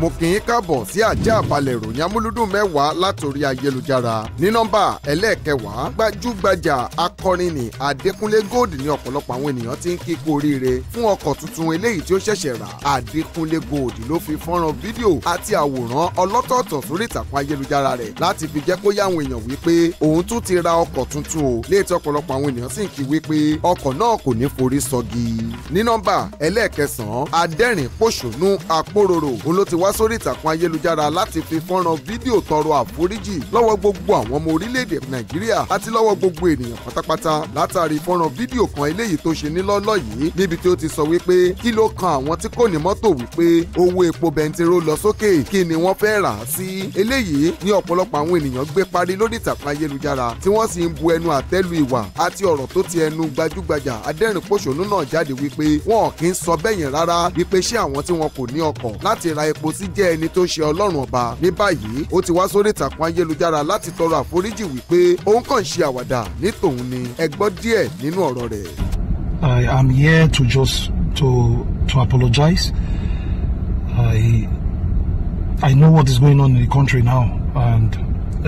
mo kì í káàbọ̀ sí àjẹ́ àbálẹ̀ ìròyìn amúlúdùn mẹ́wàá látòrí ayélujára ní nọ́mbà ẹlẹ́ẹ̀kẹwàá gbajúgbajà akọrin ní Adékúnlé Gold ní ọ̀pọ̀lọpọ̀ àwọn ènìyàn ti ń kí kú oríire fún ọkọ̀ tuntun eléyìí tí ó ṣẹ̀ṣẹ̀ rà Adékúnlé Gold ló fi fọ́nrán fídíò àti àwòrán ọlọ́tọ̀ọ̀tọ̀ sórí ìtàkùn ayélujára rẹ̀ láti fi jẹ́ kó yá àwọn èèyàn wípé òun tún ti ra ọkọ̀ tuntun o léètí ọ̀pọ̀lọpọ̀ àwọn ènìyàn sì ń kí wípé ọkọ̀ náà kò wá sórí ìtàkùn ayélujára láti fi fọ́nrán fídíò tọrọ àforíjì lọ́wọ́ gbogbo àwọn ọmọ orílẹ̀-èdè nàìjíríà àti lọ́wọ́ gbogbo ènìyàn pátápátá látàrí fọ́nrán fídíò kan eléyìí tó ṣe nílọ́lọ́ yìí níbi tí ó ti sọ wípé kí ló kan àwọn tí kò ní mọ́tò wípé owó epo bẹntiró lọ sókè kí ni wọ́n fẹ́ rà á sí eléyìí ní ọ̀pọ̀lọpọ̀ àwọn ènìyàn gbé parí lórí ìtàkùn ayélujára tí wọ́n sì ń bu ẹnu àtẹ́lu ìwà àti ọ̀rọ̀ tó ti ẹnu gbajúgbajà adẹ́rìn-pòṣónú náà jáde wípé wọn kì í sọ bẹ́yìn rárá wípé ṣé àwọn tí wọn kò ní ọkọ̀ láti ra epo Tósìn jẹ́ ẹni tó ṣe Ọlọ́run ọba ní báyìí ó ti wá sórí ìtàkùn ayélujára láti tọrọ àforíjì wípé òun kàn ṣe àwàdà ní tòun ni ẹ gbọ́ díẹ̀ nínú ọ̀rọ̀ rẹ̀. I am here to just to to apologize. I I know what is going on in the country now and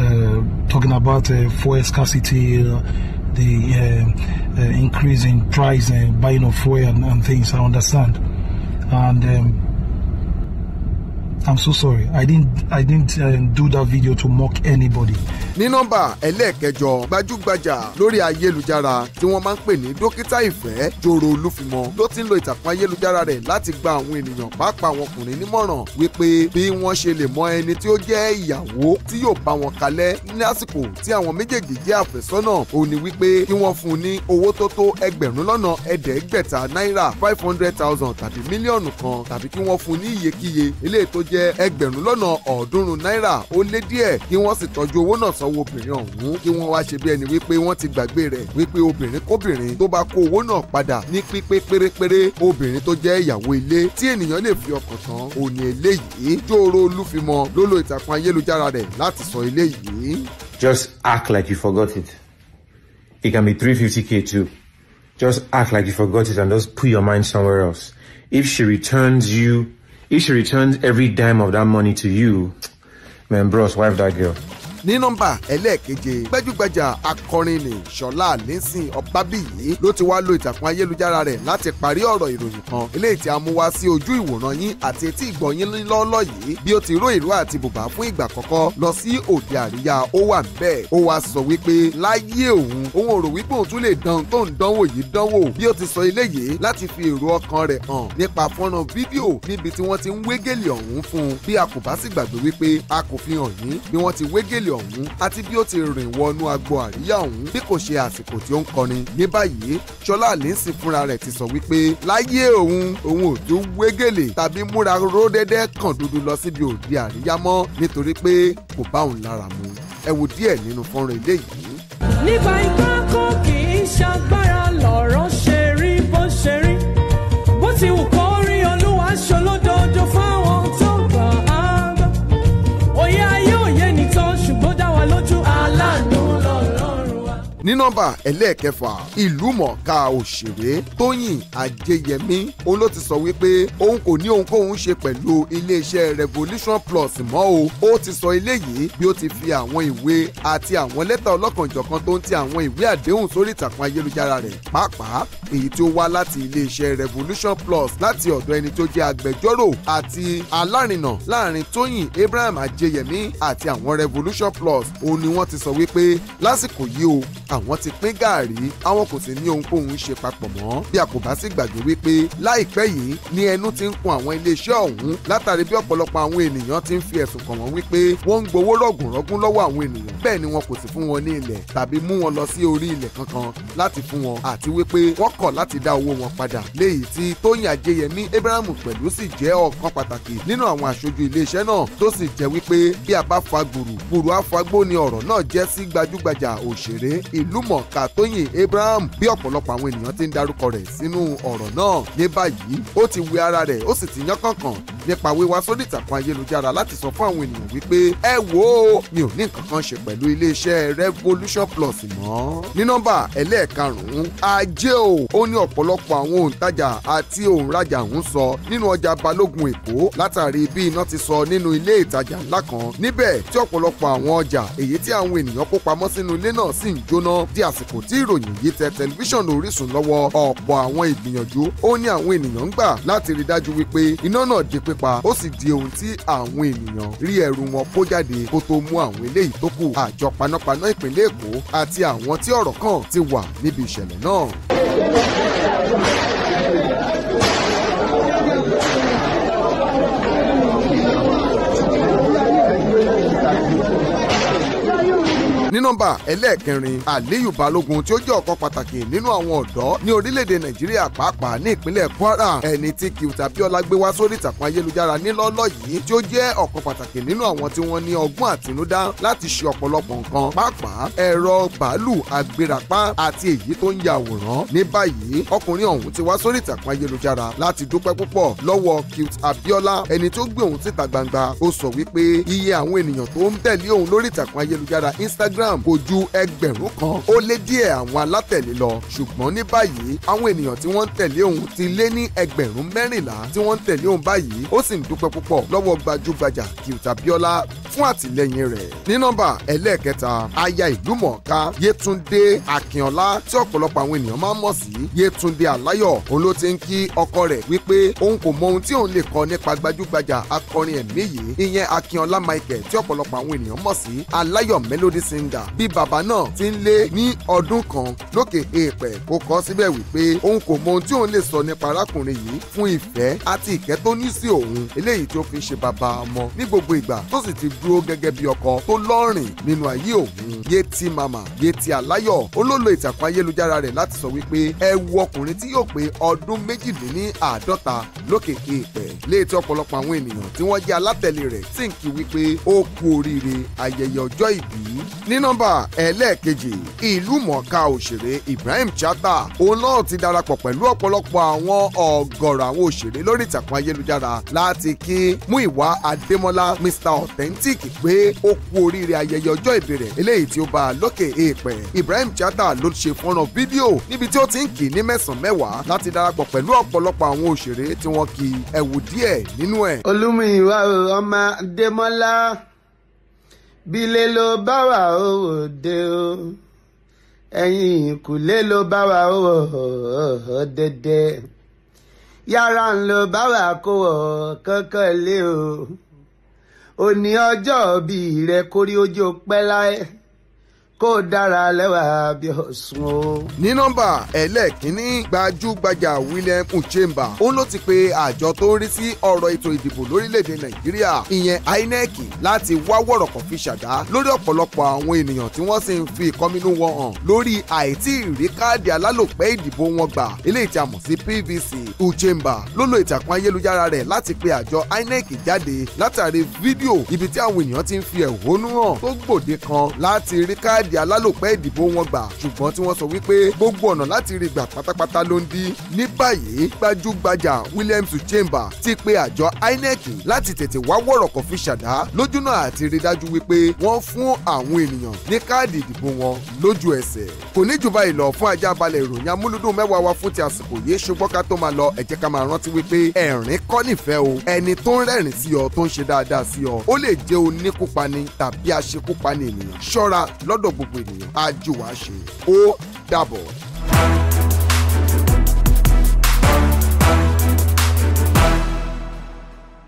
uh, talking about uh, fuel scarcity. Uh, the uh, uh, increase in price and uh, buying of fuel and, and things. I understand, and um, I'm so sorry. I didn't I didn't um, do that video to mock anybody. Ní nọ́mbà ẹlẹ́ẹ̀kẹjọ gbajúgbajà lórí ayélujára tí wọ́n máa ń pè ní dókítà ìfẹ́ Joro Olúfimọ ló ti ń lo ìtàkùn ayélujára rẹ̀ láti gba àwọn ènìyàn pàápàá àwọn ọkùnrin nímọ̀ràn wípé bí wọ́n ṣe lè mọ ẹni tí ó jẹ́ ìyàwó tí yóò bá wọn kalẹ̀ ní àsìkò tí àwọn méjèèjì jẹ́ àfẹ́sọ́nà ó ní wípé kí wọ́n fún un ní owó tó tó ẹgbẹ̀rún lọ́nà ẹ̀ẹ́dẹ́gbẹ̀ta náírà five hundred thousand tàbí mílíọ̀nù kan tàbí kí wọ́n fún un ní iyekíye eléyìí tó jẹ́ jẹ ẹgbẹ̀rún lọ́nà ọ̀ọ́dúnrún náírà ó lé díẹ̀ kí wọ́n sì tọ́jú owó náà sanwó obìnrin ọ̀hún kí wọ́n wá ṣe bí ẹni wípé wọ́n ti gbàgbé rẹ̀ wípé obìnrin kóbìnrin tó bá kó owó náà padà ní pípé pérépéré obìnrin tó jẹ́ ìyàwó ilé tí ènìyàn lè fi ọkàn tán òní eléyìí jóró olúfimọ ló ìtàkùn ayélujára rẹ̀ láti sọ eléyìí. Just act like you forgot it. It can be 350k too. Just act like you forgot it and just put your mind somewhere else. If she returns you If she returns every dime of that money to you, man, bros, wife that girl. ní nọ́mbà ẹlẹ́ẹ̀keje gbẹ́jú-gbẹ́jà akọrin ní ṣọlá nísìn ọbábíyì ló ti wá lo ìtàkùn ayélujára rẹ̀ láti parí ọ̀rọ̀ ìròyìn kan eléyìí tí a mú wá sí ojú ìwòran yín àti etí ìgbọ̀nyín lọ́lọ́ yìí bí ó ti ró ìró àti bùbá fún ìgbà kọ́kọ́ lọ sí òde àríyá ó wà bẹ́ẹ̀ ó wá sọ wípé láyé òun òun ò rò wípé òun tún lè dán tó ń dánwò yìí dánwò bí ó ti sọ eléyìí láti fi èrò ọkàn rẹ̀ hàn nípa fọ́nrán fídíò níbi tí wọ́n ti ń wégélé ọ̀hún fún un bí a kò bá sì gbàgbé wípé a kò fi hàn yín bí wọ́n ti wégélé ọ̀hún àti bí ó ti rìn wọnú agbo àríyá ọ̀hún bí kò ṣe àsìkò tí ó ń kọrin ní báyìí ṣọlá àlẹ́sìn fúnra rẹ̀ ti sọ wípé láyé òun òun ò tún wégèlè tàbí múra ródẹ́dẹ́ kàn dúdú lọ síbi òde àríyá mọ́ nítorí pé kò bá òun lára mu ẹ wo díẹ̀ nínú fọ́nrán eléyìí. nígbà ìgbà kò kì í ṣàgbá ní nọ́mbà ẹlẹ́ẹ̀kẹfà ìlúmọ̀ọ́ká òṣèré tóyìn ajéyẹmí òun ló ti sọ wípé òun kò ní ohunkóhun ṣe pẹ̀lú iléeṣẹ́ revolution plus mọ́ o ó ti sọ eléyìí bí ó ti fi àwọn ìwé àti àwọn lẹ́tà ọlọ́kanjọ̀kan tó ń ti àwọn ìwé àdéhùn sórí ìtàkùn ayélujára rẹ̀ pàápàá èyí tí ó wá láti iléeṣẹ́ revolution plus láti ọ̀dọ̀ ẹni tó jẹ́ agbẹjọ́rò àti alárinà láàrin tóyìn abraham ajéyẹmí àti àwọn revolution plus òun ni wọ́n ti sọ wípé lásìkò yìí o àwọn ti pín gàárì àwọn kò sì ní ohunkóhun ṣe papọ̀ mọ́ bí a kò bá sì gbàgbé wípé láìpẹ́ yìí ni ẹnu ti ń kun àwọn iléeṣẹ́ ọ̀hún látàrí bí ọ̀pọ̀lọpọ̀ àwọn ènìyàn ti ń fi ẹ̀sùn kàn wọ́n wípé wọ́n ń gbowó rọ̀gùnrọ̀gùn lọ́wọ́ àwọn ènìyàn bẹ́ẹ̀ ni wọn kò sì fún wọn ní ilẹ̀ tàbí mú wọn lọ sí orí ilẹ̀ kankan láti fún wọn àti wípé wọ́n kọ̀ láti dá owó wọn padà léyìí tí Tóyìn Ajéyẹmí Abrahamu pẹ̀lú sì jẹ́ ọ̀kan pàtàkì nínú àwọn aṣojú iléeṣẹ́ náà tó sì jẹ́ wípé bí a bá fa gbùrù gbùrù àfagbó ni ọ̀rọ̀ náà jẹ́ sí gbajúgbajà òṣèré ìlúmọ̀ọ́ká Tóyìn Abraham bí ọ̀pọ̀lọpọ̀ àwọn ènìyàn ti ń darúkọ rẹ̀ sínú ọ̀rọ̀ náà ní báyìí ó ti wẹ ara rẹ̀ ó sì ti yán kànkàn nípa wíwá sórí ìtàkùn ayélujára láti sọ fún àwọn ènìyàn wípé ẹ wò ó mi ò ní nǹkan kan ṣe pẹ̀lú iléeṣẹ́ Revolution Plus mọ́. ní nọ́mbà ẹlẹ́ẹ̀karùn-ún ajé o ó ní ọ̀pọ̀lọpọ̀ àwọn òǹtajà àti òǹrajà ń sọ nínú ọjà Balógun Èkó látàrí bí iná ti sọ nínú ilé ìtajà ńlá kan níbẹ̀ tí ọ̀pọ̀lọpọ̀ àwọn ọjà èyí tí àwọn ènìyàn kó pamọ́ sínú ilé náà sì ń jóná di àsìkò tí ìròyìn yìí tẹ tẹlifíṣàn Orísun lọ́wọ́ ọ̀pọ̀ àwọn ìgbìyànjú ó ní àwọn ènìyàn ń gbà láti rí dájú wípé iná náà di píp nípa ó sì di ohun tí àwọn ènìyàn rí ẹrù wọn kó jáde kó tó mú àwọn eléyìí tó kù àjọ panápaná ìpínlẹ̀ Èkó àti àwọn tí ọ̀rọ̀ kàn ti wà níbi ìṣẹ̀lẹ̀ náà. ní nọ́mbà ẹlẹ́ẹ̀kẹrin Aliyu Balógun tí ó jẹ́ ọ̀kan pàtàkì nínú àwọn ọ̀dọ́ ní orílẹ̀-èdè Nàìjíríà pàápàá ní ìpínlẹ̀ Kwara ẹni tí Kizz Abiola gbé wá sórí ìtàkùn ayélujára nílọ́lọ́ yìí tí ó jẹ́ ọ̀kan pàtàkì nínú àwọn tí wọ́n ní ọgbọ́n àtinúdá láti ṣe ọ̀pọ̀lọpọ̀ nǹkan pàápàá ẹ̀rọ bàálù agbérapá àti èyí tó ń ya àwòrán ní báyìí ọkùnrin ọ̀hún ti wá sórí ìtàkùn ayélujára láti dúpẹ́ púpọ̀ lọ́wọ́ Kizz Abiola ẹni tó gbé òun síta gbangba ó sọ wípé iye àwọn ènìyàn tó ń tẹ̀lé òun lórí ìtàkùn ayélujára Instagram instagram kò ju ẹgbẹ̀rún kan ó lé díẹ̀ àwọn alátẹ̀lé lọ ṣùgbọ́n ní báyìí àwọn ènìyàn tí wọ́n ń tẹ̀lé òun ti lé ní ẹgbẹ̀rún mẹ́rìnlá tí wọ́n ń tẹ̀lé òun báyìí ó sì ń dúpẹ́ púpọ̀ lọ́wọ́ gbajúgbajà Kizz Abiola fún àtìlẹ́yìn rẹ̀ ní nọ́mbà ẹlẹ́ẹ̀kẹta aya ìlúmọ̀ọ́ká yetunde akínọlá tí ọ̀pọ̀lọpọ̀ àwọn ènìyàn máa ń mọ̀ sí yétúndé aláyọ̀ òun ló ti ń kí ọkọ rẹ̀ wípé òun kò mọ ohun tí òun lè kọ nípa gbajúgbajà akọrin ẹ̀mí yìí ìyẹn akínọlá michael tí ọ̀pọ̀lọpọ̀ àwọn ènìyàn mọ̀ sí aláyọ̀ melody singer bí bàbá náà ti ń lé ní ọdún kan lókè èèpẹ̀ ó kọ síbẹ̀ wípé òun kò mọ ohun tí òun lè sọ nípa arákùnrin yìí fún ìfẹ́ àti ìkẹ́ ní sí òun eléyìí tó fi ṣe bàbá ọmọ ní gbogbo ìgbà tó sì ti dú dúró gẹ́gẹ́ bí ọkọ tó lọ́rìn nínú ayé òun yétí mama yétí aláyọ̀ olólo ìtàkùn ayélujára rẹ̀ láti sọ wípé ẹ wo ọkùnrin tí yóò pé ọdún méjìdínní àádọ́ta lókèké ìpẹ́ léètí ọ̀pọ̀lọpọ̀ àwọn ènìyàn tí wọ́n jẹ́ alátẹ̀lé rẹ̀ sì ń kí wípé ó kú oríire ayẹyẹ ọjọ́ ìbí. ní nọ́mbà ẹlẹ́ẹ̀kejì ìlú mọ̀ọ́ká òṣèré Ibrahim Chata òun náà ti darapọ̀ pẹ̀lú ọ̀pọ̀lọpọ̀ àwọn ọ̀gọ̀rọ̀ àwọn òṣèré lórí ìtàkùn ayélujára láti kí Múyìwá Adémọ́lá Mr Authentic Celtic pé ó kú oríire ayẹyẹ ọjọ́ ìbí rẹ̀ eléyìí tí ó bá a lókè èèpẹ̀ Ibrahim Chata ló ṣe fọ́nrán fídíò níbi tí ó ti ń kì í ní mẹ́sàn-án mẹ́wàá láti darapọ̀ pẹ̀lú ọ̀pọ̀lọpọ̀ àwọn òṣèré tí wọ́n kì ẹ̀wù díẹ̀ nínú ẹ̀. olùmìnira ọmọ Adémọ́lá bílé ló bá wà òde o ẹ̀yìn ìkùlé ló bá wà òdẹ̀dẹ̀ yàrá ń lo bá wà kó kankan lé o òní ọjọ́ bíi rẹ kórí ojú pẹ́ láé kó dára lẹ́wà bí Ọ̀ṣun o. ní nọ́mbà ẹlẹ́ẹ̀kínní gbajúgbajà William Uchemba òun ló ti pe àjọ tó ń rí sí ọ̀rọ̀ ètò ìdìbò lórílẹ̀‐èdè Nàìjíríà ìyẹn INEC láti wá wọ̀rọ̀kọ̀ fi ṣàdá lórí ọ̀pọ̀lọpọ̀ àwọn ènìyàn tí wọ́n sì ń fi ìkọminú wọn hàn lórí àìtí ìrí káàdì alálòpẹ́ ìdìbò wọn gbà eléyìí tí a mọ̀ sí PVC Uchemba ló lo ìtàkùn ayélujára rẹ̀ láti pe àjọ INEC jáde látàrí fídíò ibi tí àwọn ènìyàn ti ń fi ẹ̀hónú hàn tó gbòde kan láti rí káàdì káàdì alálòpẹ́ ìdìbò wọn gbà ṣùgbọ́n tí wọ́n sọ wípé gbogbo ọ̀nà láti rí gbà pátápátá ló ń dí. ní báyìí gbajúgbajà Williams Uchemba ti pe àjọ INEC láti tètè wá wọ̀rọ̀kọ̀ fi ṣàdá lójúnà àti rí dájú wípé wọ́n fún àwọn ènìyàn ní káàdì ìdìbò wọn lójú ẹsẹ̀. kò ní jù báyìí lọ fún ajá balẹ̀ ìròyìn amúlùdùn mẹ́wàá wa fún ti àsìkò yìí ṣùgbọ́n ká tó máa lọ ẹ ká máa rántí wípé ẹ̀rín kọ́ nífẹ̀ẹ́ o ẹni tó ń rẹ́rìn sí ọ tó ń ṣe dáadáa sí ọ ó lè jẹ́ oníkúpani tàbí aṣekúpani ènìyàn ṣọ́ra lọ́dọ̀ gbogbo ènìyàn á jù ṣe ó dàbọ̀.